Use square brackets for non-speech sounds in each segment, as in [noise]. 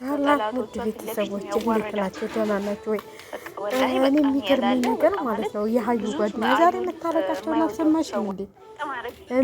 ሰላም ውድ ቤተሰቦች እንዴት ናቸው? ደህና ናቸው ወይ? እኔ የሚገርመኝ ነገር ማለት ነው የሀዩ ጓደኛ ዛሬ የምታረቃቸውን አልሰማሽም እንዴ?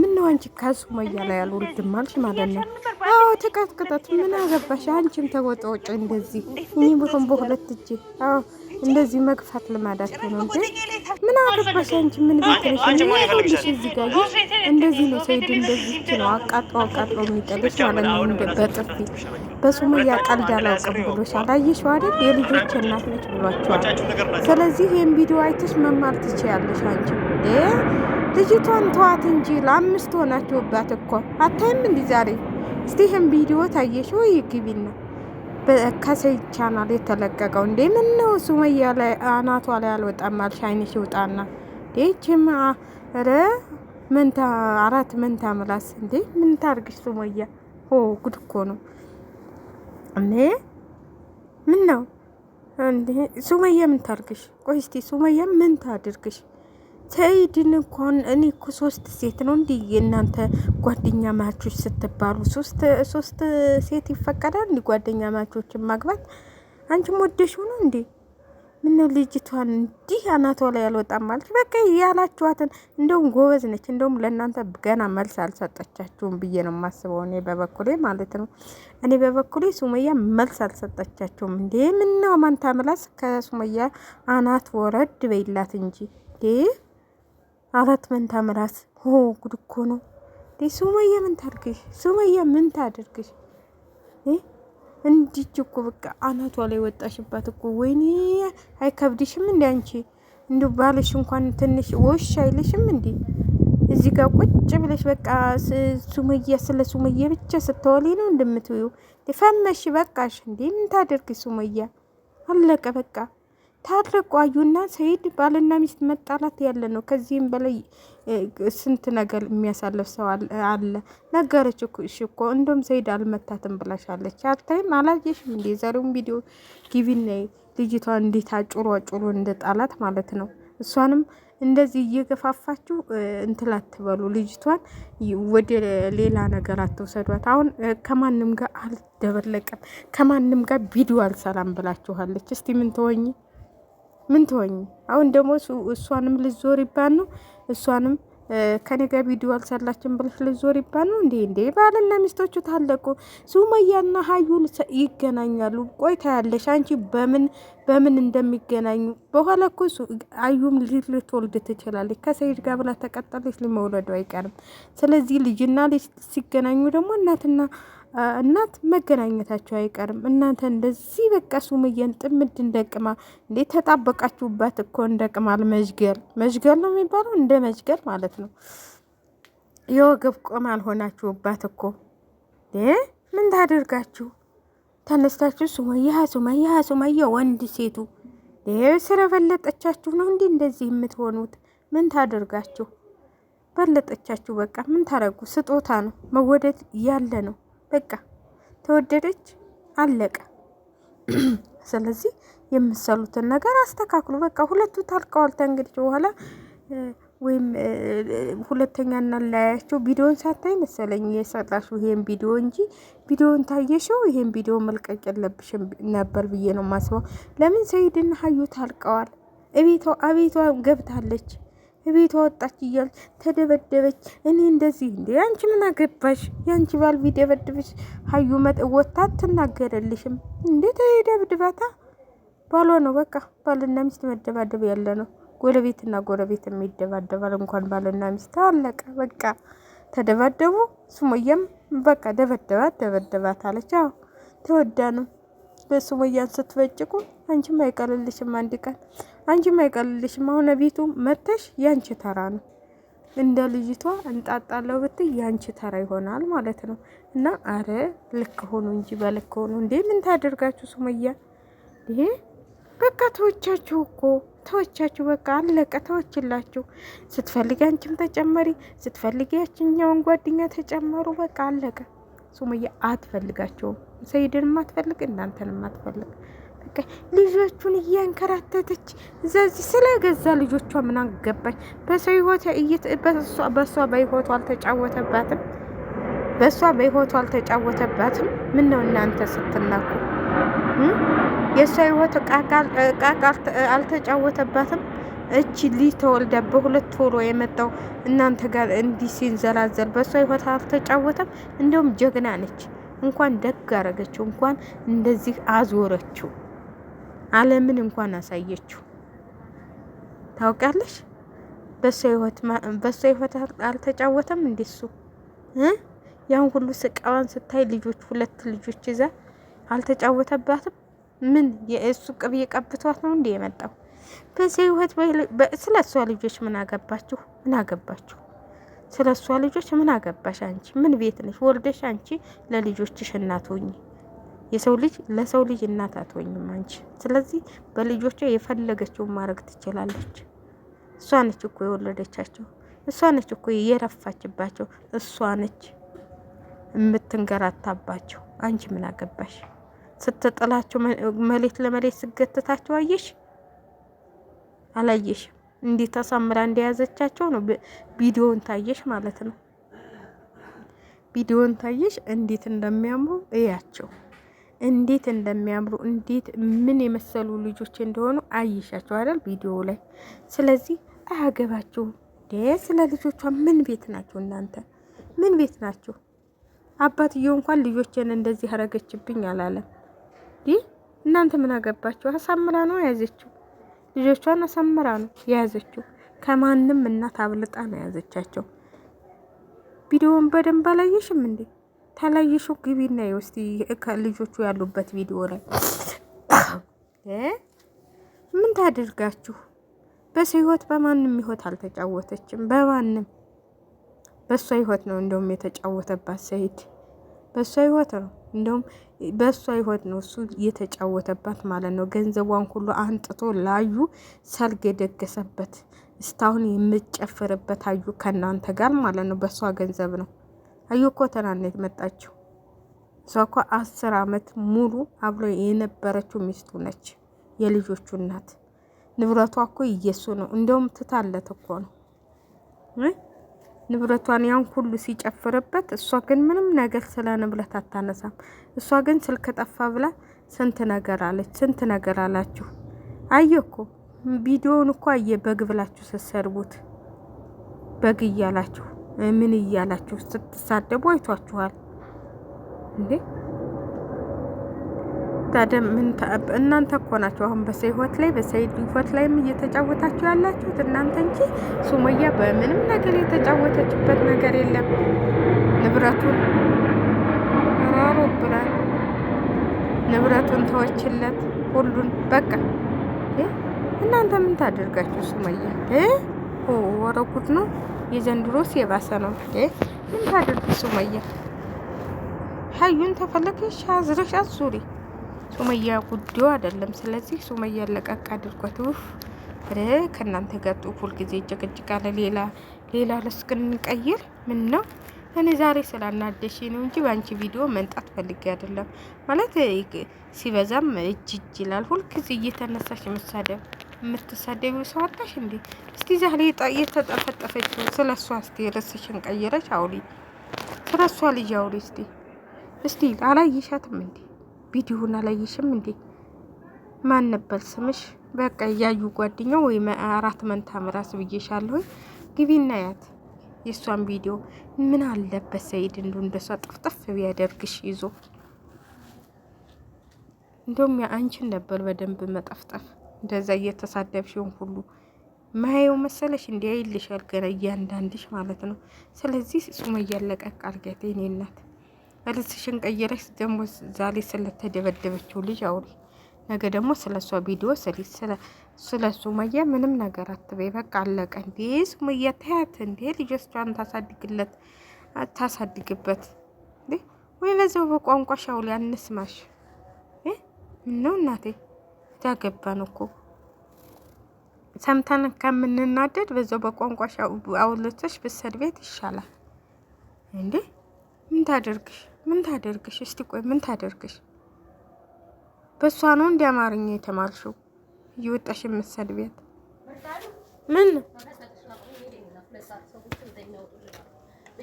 ምነው አንቺ ከሱመያ ላይ አልወልድም አልሽ ማለት ነው? አዎ ተቀጥቅጠት ምን አገባሽ? አንቺም ተወጣ ውጭ እንደዚህ እኔ ብሆን በሁለት እጄ እንደዚህ መግፋት ልማዳቸው ነው እንጂ ምን አገባሽ አንቺ? ምን ቤት ነሽ? ምን ያለሽ እዚህ ጋር እንደዚህ ነው። ሰይድ እንደዚህ ነው አቃጥሎ አቃጥሎ የሚጠልሽ ማለት ነው። በጥፊ በሱመያ ቀልድ አላውቅም ብሎሻል። አየሽው አይደል? የልጆች እናት ነች ብሏቸዋል። ስለዚህ ይህን ቪዲዮ አይተሽ መማር ትችያለሽ አንቺ እንዴ። ልጅቷን ተዋት እንጂ ለአምስት ሆናችሁባት እኮ አታይም እንዲህ ዛሬ። እስቲ ይህን ቪዲዮ ታየሽ ወይ ግቢና ከሰይድ ቻናል የተለቀቀው እንዴ? ምን ነው ሱመያ ላይ አናቷ ላይ አልወጣም አልሽ? አይንሽ ይውጣና ይችማ ረ ምንታ አራት ምንታ ምላስ እንዴ? ምን ታርግሽ ሱመያ? ሆ ጉድ እኮ ነው እንዴ! ምን ነው እንዴ? ሱመያ ምን ታርግሽ? ቆይ እስቲ ሱመያ ምን ታድርግሽ? ሰይድን እንኳን እኔ እኮ ሶስት ሴት ነው እንዲ እናንተ ጓደኛ ማቾች ስትባሉ ሶስት ሶስት ሴት ይፈቀዳል እንዲ ጓደኛ ማቾችን ማግባት? አንቺም ወደሽ ሆኖ እንዴ? ምነው ልጅቷን እንዲህ አናቷ ላይ አልወጣም ማለች? በቃ ያላችኋትን። እንደውም ጎበዝ ነች። እንደውም ለእናንተ ገና መልስ አልሰጠቻችሁም ብዬ ነው የማስበው እኔ በበኩሌ ማለት ነው። እኔ በበኩሌ ሱመያ መልስ አልሰጠቻችሁም እንዴ? ምነው ማንታ ምላስ ከሱመያ አናት ወረድ በይላት እንጂ እንዴ አራት መንታ ምራስ ሆ ጉድ እኮ ነው። ሱመያ ምን ታድርግሽ? ሱመያ ምን ታድርግሽ? እንዲች እኮ በቃ አናቷ ላይ ወጣሽባት እኮ። ወይኔ አይከብድሽም እንዴ አንቺ እንዲ ባልሽ እንኳን ትንሽ ወሽ አይልሽም እንዴ? እዚህ ጋር ቁጭ ብለሽ በቃ ሱመያ ስለ ሱመያ ብቻ ስታወሊ ነው እንደምትዩ ፈመሽ በቃሽ። እንዴ? ምን ታደርግ ሱመያ አለቀ በቃ። ታድረ አዩና ሰይድ ባልና ሚስት መጣላት ያለ ነው። ከዚህም በላይ ስንት ነገር የሚያሳልፍ ሰው አለ። ነገረች እኮ እንደም ሰይድ አልመታትም ብላሻለች። አታይም አላየሽም እንዴ? ዛሬውን ቪዲዮ ጊቪና ልጅቷ እንዴት አጩሮ አጩሮ እንደጣላት ማለት ነው። እሷንም እንደዚህ እየገፋፋችሁ እንትን አትበሉ። ልጅቷን ወደ ሌላ ነገር አትውሰዷት። አሁን ከማንም ጋር አልደበለቀም፣ ከማንም ጋር ቪዲዮ አልሰራም ብላችኋለች። እስቲ ምን ትሆኝ ምን ትሆኝ? አሁን ደግሞ እሷንም ልዞር ይባል ነው እሷንም ከኔ ጋር ቪዲዮ አልሰራችም ብለሽ ልዞር ይባል ነው እንዴ? እንዴ ባልና ሚስቶቹ ታለቁ። ሱመያና ሀዩል ይገናኛሉ። ቆይታ ያለሽ አንቺ በምን በምን እንደሚገናኙ በኋላ እኮ አዩም ልትወልድ ትችላለች። ከሰይድ ጋር ብላ ተቀጠለች፣ መውለዱ አይቀርም። ስለዚህ ልጅና ልጅ ሲገናኙ ደግሞ እናትና እናት መገናኘታቸው አይቀርም። እናንተ እንደዚህ በቃ ሱምዬን ጥምድ እንደቅማ እንዴት ተጣበቃችሁባት እኮ እንደቅማል መዥገር መዥገር ነው የሚባለው እንደ መዥገር ማለት ነው። የወገብ ቆም አልሆናችሁባት እኮ ምን ታደርጋችሁ? ተነስታችሁ ሱመያ ሱመያ ሱመያ ወንድ ሴቱ ስለበለጠቻችሁ ነው እንዲህ እንደዚህ የምትሆኑት። ምን ታደርጋችሁ? በለጠቻችሁ። በቃ ምን ታረጉ? ስጦታ ነው መወደድ ያለ ነው። በቃ ተወደደች፣ አለቀ። [clears throat] ስለዚህ የምትሰሉትን ነገር አስተካክሉ። በቃ ሁለቱ ታልቀዋል ተንግዲህ በኋላ ወይም ሁለተኛ እናለያያቸው። ቪዲዮን ሳታይ መሰለኝ የሰራሽ ይሄን ቪዲዮ እንጂ ቪዲዮን ታየሽው፣ ይሄን ቪዲዮ መልቀቅ የለብሽም ነበር ብዬ ነው ማስበው። ለምን ሰይድና ሀዩ ታልቀዋል? እቤቷ አቤቷ ገብታለች። ቤቷ ወጣች እያል ተደበደበች። እኔ እንደዚህ እንደ ያንቺ ምን አገባሽ? ያንቺ ባል ቢደበድብሽ ሀዩ መጥ ወታ ትናገረልሽም እንዴት? ደብድባታ ባሏ ነው። በቃ ባልና ሚስት መደባደብ ያለ ነው። ጎረቤትና ጎረቤት የሚደባደባል እንኳን ባልና ሚስት አለቀ። በቃ ተደባደቡ። ሱሙያም በቃ ደበደባት ደበደባት አለች። አዎ ተወዳ ነው። በሱሙያን ስትበጭቁ አንቺም አይቀልልሽም አንድ ቀን አንቺም አይቀልልሽም። አሁን ቤቱ መተሽ ያንቺ ተራ ነው። እንደ ልጅቷ እንጣጣለው ብትይ ያንቺ ተራ ይሆናል ማለት ነው። እና አረ ልክ ሆኑ እንጂ በልክ ሆኑ እንዴ! ምን ታደርጋችሁ? ሱመያ ይሄ በቃ ተወቻችሁ እኮ ተወቻችሁ። በቃ አለቀ። ተወችላችሁ። ስትፈልጊ አንቺም ተጨመሪ፣ ስትፈልጊ ያችኛውን ጓደኛ ተጨመሩ። በቃ አለቀ። ሱመያ አትፈልጋቸውም። ሰይድንም አትፈልግ፣ እናንተንም አትፈልግ። በቃ ልጆቹን እያንከራተተች ዘዚህ ስለገዛ ልጆቿ ምን አገባኝ። በሰው ህይወት በሷ በህይወቱ አልተጫወተባትም። በእሷ በህይወቱ አልተጫወተባትም። ምን ነው እናንተ ስትናቁ የእሷ ህይወት ዕቃ አልተጫወተባትም። እቺ ልጅ ተወልዳ በሁለት ወሮ የመጣው እናንተ ጋር እንዲህ ሲንዘላዘል በእሷ ህይወት አልተጫወተም። እንደውም ጀግና ነች። እንኳን ደግ አረገችው፣ እንኳን እንደዚህ አዞረችው። ዓለምን እንኳን አሳየችው። ታውቃለች። በሷ ህይወት አልተጫወተም እንደሱ ያን ሁሉ ስቃዋን ስታይ ልጆች ሁለት ልጆች ይዛ አልተጫወተባትም። ምን የእሱ ቅብ ቀብቷት ነው እንዴ የመጣው? በዚህ ህይወት ስለ እሷ ልጆች ምን አገባችሁ? ምን አገባችሁ? ስለ እሷ ልጆች ምን አገባሽ አንቺ? ምን ቤት ነሽ? ወልደሽ አንቺ ለልጆችሽ እናት የሰው ልጅ ለሰው ልጅ እናት አትሆኝም አንቺ። ስለዚህ በልጆቿ የፈለገችውን ማድረግ ትችላለች። እሷ ነች እኮ የወለደቻቸው፣ እሷ ነች እኮ የረፋችባቸው፣ እሷ ነች የምትንገራታባቸው። አንቺ ምን አገባሽ? ስትጥላቸው መሌት ለመሌት ስገትታቸው አየሽ አላየሽም? እንዴት ተሳምራ እንደያዘቻቸው ነው። ቪዲዮን ታየሽ ማለት ነው። ቪዲዮን ታየሽ እንዴት እንደሚያምሩ እያቸው። እንዴት እንደሚያምሩ እንዴት ምን የመሰሉ ልጆች እንደሆኑ አይሻቸው አይደል ቪዲዮ ላይ። ስለዚህ አያገባችሁ አያገባችሁም። ስለ ልጆቿ ምን ቤት ናቸው እናንተ? ምን ቤት ናቸው? አባትየው እንኳን ልጆችን እንደዚህ አረገችብኝ አላለም። ይህ እናንተ ምን አገባችሁ? አሳምራ ነው የያዘችው። ልጆቿን አሳምራ ነው የያዘችው። ከማንም እናት አብልጣ ነው የያዘቻቸው። ቪዲዮውን በደንብ አላየሽም እንዴ? ተለይሹ ግቢና ውስቲ ልጆቹ ያሉበት ቪዲዮ ላይ ምን ታደርጋችሁ? በሰው ህይወት በማንም ህይወት አልተጫወተችም። በማንም በእሷ ህይወት ነው እንደውም የተጫወተባት ሰይድ በእሷ ህይወት ነው እንደውም በእሷ ህይወት ነው እሱ የተጫወተባት ማለት ነው። ገንዘቧን ሁሉ አንጥቶ ላዩ ሰርግ የደገሰበት እስታሁን የምጨፍርበት አዩ ከእናንተ ጋር ማለት ነው። በእሷ ገንዘብ ነው። አዩ እኮ ትናንት መጣችው። እሷ እኮ አስር አመት ሙሉ አብሮ የነበረችው ሚስቱ ነች፣ የልጆቹ እናት። ንብረቷ እኮ እየሱ ነው። እንደውም ትታለት እኮ ነው ንብረቷን ያን ሁሉ ሲጨፍርበት፣ እሷ ግን ምንም ነገር ስለ ንብረት አታነሳም። እሷ ግን ስልክ ጠፋ ብላ ስንት ነገር አለች። ስንት ነገር አላችሁ። አየ እኮ ቪዲዮውን እኮ አየ። በግ ብላችሁ ስትሰርቡት፣ በግ እያላችሁ ምን እያላችሁ ስትሳደቡ አይቷችኋል እንዴ? ታዲያ ምን እናንተ እኮ ናችሁ አሁን በሰይወት ላይ በሰይድ ህይወት ላይም እየተጫወታችሁ ያላችሁት እናንተ እንጂ ሱመያ በምንም ነገር የተጫወተችበት ነገር የለም። ንብረቱን ራሮ ብላል። ንብረቱን ተወችለት ሁሉን በቃ። እናንተ ምን ታደርጋችሁ ሱመያ ወረቁት ነው። የዘንድሮስ የባሰ ነው። ምን ታደርጊ ሱመያ? ሀዩን ተፈለገሽ አዝረሽ አዙሪ። ሱመያ ጉዳዩ አይደለም። ስለዚህ ሱመያ ለቀቅ አድርጓት። ውፍ ከእናንተ ጋር ሁል ጊዜ ጭቅጭቃለ። ሌላ ሌላ ለስቅ እንቀይር። ምን ነው እኔ ዛሬ ስላናደሽ ነው እንጂ በአንቺ ቪዲዮ መንጣት ፈልጌ አይደለም። ማለት ሲበዛም እጅ እጅ ይላል። ሁልጊዜ እየተነሳሽ መሳደብ የምትሳደቢው ሰው አጣሽ እንዴ? እስቲ ዛሬ የተጠፈጠፈችው ስለ እሷ እስቲ ርዕስሽን ቀይረሽ አውሪ። ስለ እሷ ልጅ አውሪ እስቲ። እስቲ አላየሻትም እንዴ? ቪዲዮን አላየሽም እንዴ? ማን ነበር ስምሽ? በቃ እያዩ ጓደኛው ወይም አራት መንታ ምራስ ብዬሻለሁ። ግቢና ያት የእሷን ቪዲዮ። ምን አለበት ሰይድ እንዱ እንደሷ ጥፍጥፍ ቢያደርግሽ ይዞ እንደውም አንቺን ነበር በደንብ መጠፍጠፍ እንደዛ እየተሳደብሽውን ሁሉ ማየው መሰለሽ እንዲ ይልሻል ገና እያንዳንድሽ ማለት ነው። ስለዚህ ሱመያ ለቀቅ አድርጊያት የኔ እናት። ርዕስሽን ቀይረሽ ደግሞ ዛሬ ስለተደበደበችው ልጅ አውሪ፣ ነገ ደግሞ ስለ እሷ ቪዲዮ ስሪ። ስለ ሱመያ ምንም ነገር አትበይ። በቃ አለቀ። እንዴ ሱመያ ታያት እንዴ ልጆቿን ታሳድግለት ታሳድግበት ወይ በዛው በቋንቋ ሻውል ያንስማሽ። ምነው እናቴ ያገባን እኮ ሰምተን ከምንናደድ በዛው በቋንቋሽ አውለተሽ ቤት ይሻላል እንዴ። ምን ታደርግሽ? ምን ታደርግሽ? እስቲ ቆይ ምን ታደርግሽ? በእሷ ነው እንዲ አማርኛ የተማርሽው እየወጣሽ ቤት ምን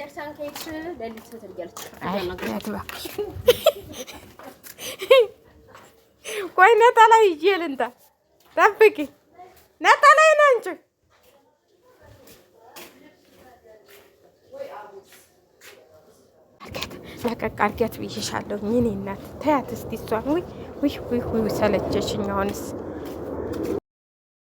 ቤተክርስቲያን ከሄድሽ ቆይ ነጠላ ይዤ ልንጣ። ጠብቂ፣ ነጠላዬን አንቺ ለቀቅ አድርጊያት ብዬሻለሁ። የእኔ እናት ተያት እስኪ እሷን። ውይ ውይ ውይ ሰለቸሽኝ አሁንስ